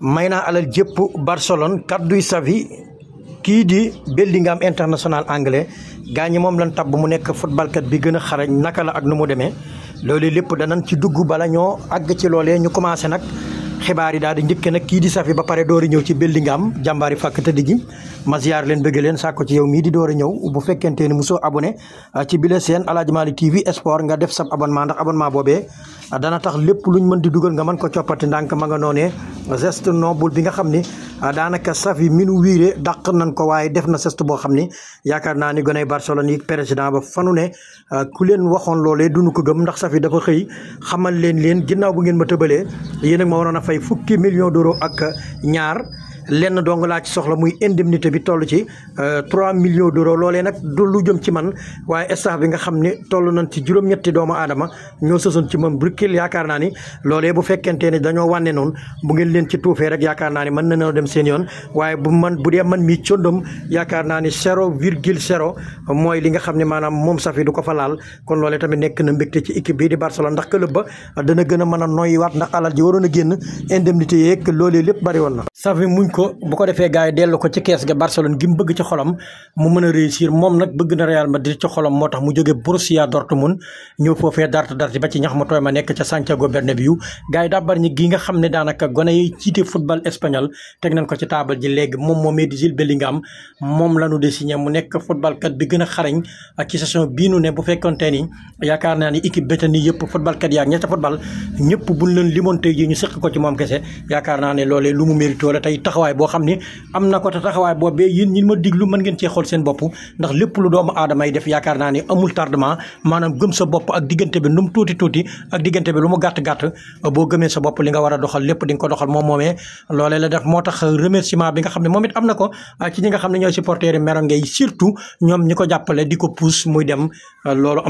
may naa alal jëpp Barcelone kadduy Xavi kii di Bellingham international anglais gaa ñi moom lan tabb mu nekk footballkat bi gën a xarañ naka la ak nu mu demee loolu lépp danañ ci dugg bala ñoo àgg ci loolee ñu commencé nag. xibaar yi daal di njëkke nag kii di safi ba pare door a ñëw ci Bellingham jàmbaari fàkk tëdd gi ma ziar leen bëgg leen sàkko ci yow mii di door a ñëw bu fekkente ni abone abonné ah, ci bile seen Aladji Malick TV sport nga def sab abonnement ndax abonnement boobee ah, dana tax lépp luñ mën di dugal nga mën ko coppati ndànk ma nga noonee geste noble bi nga xam ni Ah, daanaka safi yi minu wiire dàq nañ ko waaye def na sest boo xam ni yaakaar naa ni gone Barcelone yi président ba fanu ne ah, ku leen waxoon loole duñu ko gëm ndax safi yi dafa xëy xamal leen leen ginnaaw bu ngeen ma tëbalee yéen ak ma waroon a fay fukki million d'euros ak ñaar lenn dong laa soxla muy indemnité bi toll ci 3 euh, millions d'euros loolee nag du lu jëm ci man waaye staff bi nga xam ne toll nañ ci juróom-ñetti doomu aadama ñoo sosoon ci moom Brikil yaakaar naa ni loolee bu fekkentee ne dañoo wànne noonu bu ngeen leen ci tuufee rek yaakaar naa ni mën na noo dem seen yoon waaye bu man bu dee man mii condom yaakaar naa ni zéro virgule zéro mooy li nga xam ne maanaam moom safi du ko fa laal kon loolee tamit nekk na mbégte ci équipe bii di Barcelone ndax club ba dana gën a mën a noyyiwaat ndax alal ji waroon a génn indemnité yeeg loolee lépp bari woon na ko bu ko defee gars yi dellu ko ci kees ga Barcelone gi bëgg ci xolam mu mën a réussir moom nag bëgg na Real Madrid ci xolam moo tax mu jógee Borussia Dortmund ñëw foofee dart dart ba ci ñax ma tooy ma nekk ca Santiago Bernabéu gars yi daa bari ñi gi nga xam ne daanaka gone yi jiite football espagnol teg nañ ko ci taabal ji léegi moom moomee di Bellingham moom la ñu mu nekk footballkat bi gën a xarañ ci saison bii ne bu fekkoonte taxawaay boo xam ne am na ko te taxawaay boobee yéen ñi ma diglu mën ngeen cee xool seen bopp ndax lépp lu doomu aadama yi def yaakaar naa ne amul tardement gëm sa bopp ak diggante bi nu tuuti tuuti ak diggante bi lu mu gàtt-gàtt gëmee sa bopp li nga war a doxal lépp di nga ko doxal moom moomee loolee la def moo tax remerciement bi nga xam ne moom it am na ko ci ñi nga xam ne ñooy supporters yi Merengue yi ñoom ñi ko jàppale di pousse muy dem loolu